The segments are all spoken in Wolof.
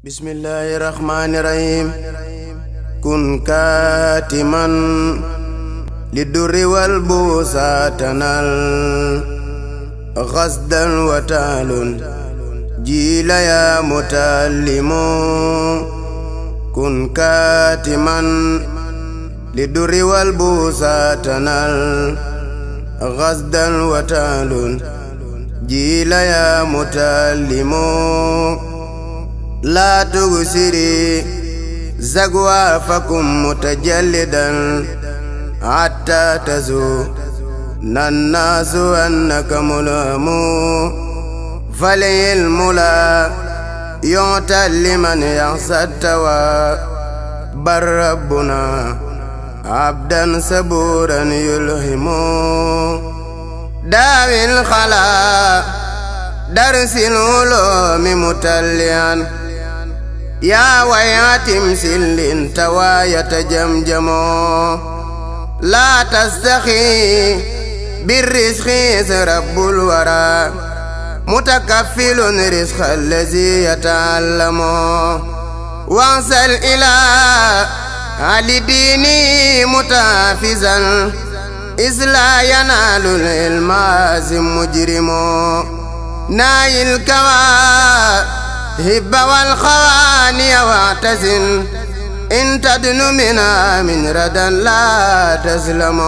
bismillahi rahmaani rahim kun kaatiman li durri wal busaatanal xasdan wa taalun jiila yaa mutallimu kun kaatiman li durri wal busaatanal xasdan wa taalun jiila yaa mutallimu لا تبصري زقوافكم متجلدا حتى تزون الناس أنك ملام فليلم لا يعطى لمن يعصى التوى بل ربنا عبدا صبورا يلهم داوي الخلا درس العلوم متليا yaa wayaatim sillin tawaayata jamjamoo laa tastaxi birrisqi sa rabbul wara mutakaffilun risqa allazi yataallamoo wansal ilaa ali diini mutaafizan isla yanaalul ilmaasi mujrimoo naayil kawaa هب والخواني واعتزن إن تدن منا من ردا لا تسلم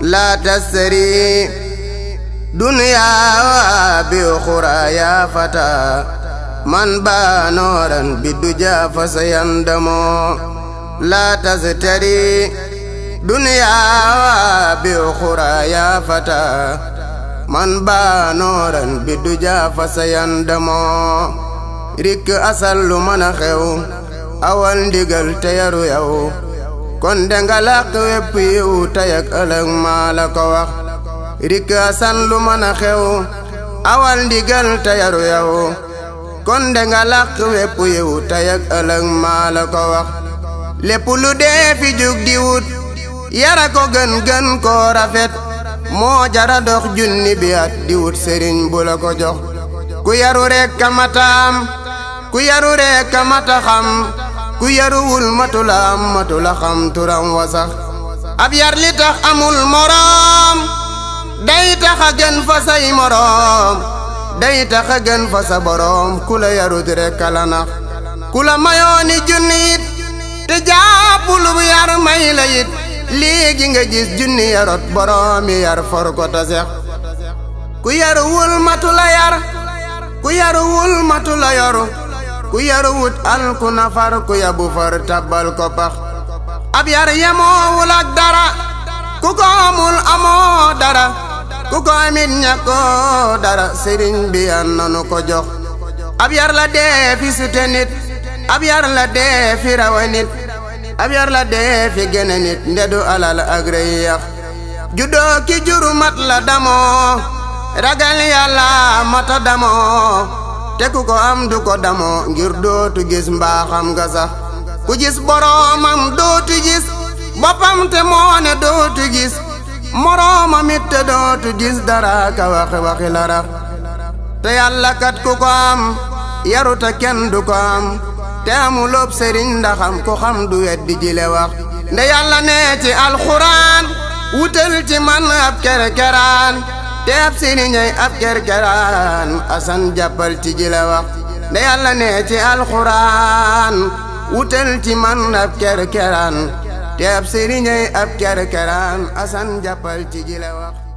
لا تسري دنيا بأخرى يا فتى من باع نورا بالدجى فسيندم لا تزتري دنيا بأخرى يا فتى man baa nooran bi du jaafa sa yandamoo rikk asal lu mën a xew awal ndigal te kon de nga làq wépp yiw tey ak la ko wax rikk asal lu mën a xew awal ndigal te kon de nga làq wépp yiw tey ak ko wax lépp lu dee jug di wut yara ko gën gën koo rafet moo jara junni bi at sëriñ bu ko jox ku yaru rekk a mataam ku yaru rekk a mata ku yaruwul matula am matula wasax ab yar li tax amul moroom day tax a gën fa say moroom day tax a gën fa boroom ku la yarut rekk a ku la mayooni junni te jàppul bu yar may léegi nga junni yarot boroomi yar for ko ta ku yaruwul matu la yar ku yaruwul matu la yoru ku yaruwut al ku nafar ku yabu far tabbal ko pax ab yar yemoowul dara ku ko amul amoo dara ku ko amit ñàkkoo dara sëriñ bi yan nanu ko jox ab yar la dee fi ab yar la dee fi ab yar la gene nit ndedu alal ak rëy yax juru mat la damoo ragal yàlla mata damoo te ku ko am du ko damoo ngir dootu gis mbaaxam nga ku gis boroomam dootu gis boppam te moo ne dootu gis moroomam it te dootu gis dara ka waxi waxi la rax te yàlla kat ku ko am yaruta kenn du ko am te amuloob sëriñ ndaxam ko xam du wet di jile wax nde yàlla nee alxuraan wutal ci man ab kerkeraan te ab ab kerkeraan asan jàppal ci jile wax nde yàlla nee ci alxuraan wutal ci man ab kerkeraan te ab ab kerkeraan asan jàppal ci jile wax